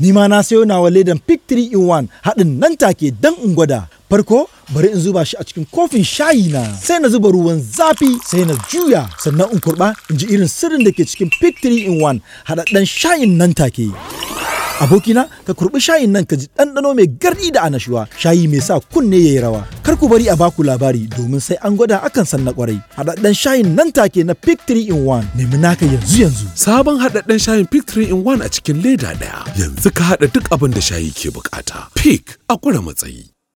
Ni ma na sayo nawa ledan Pick 3 in 1 haɗin nan take dan in gwada. Farko bari in zuba shi a cikin kofin shayi na sai na zuba ruwan zafi sai na juya sannan in kurɓa in ji irin sirrin da ke cikin Pick 3 in 1 haɗaɗɗen shayin nan take. Abokina ka kurɓi shayin nan ka ji ɗanɗano mai garɗi da anashuwa shayi mai sa kunne ya yi rawa. Kar ku bari a baku labari domin sai an gwada akan san na kwarai. Haɗaɗɗen shayin nan take na Pick 3 in 1 nemi naka yanzu yanzu. Sabon haɗaɗɗen shayin Pick 3 in 1 a cikin leda ɗaya yanzu ka haɗa duk abin da shayi ke bukata. Pick a kura matsayi.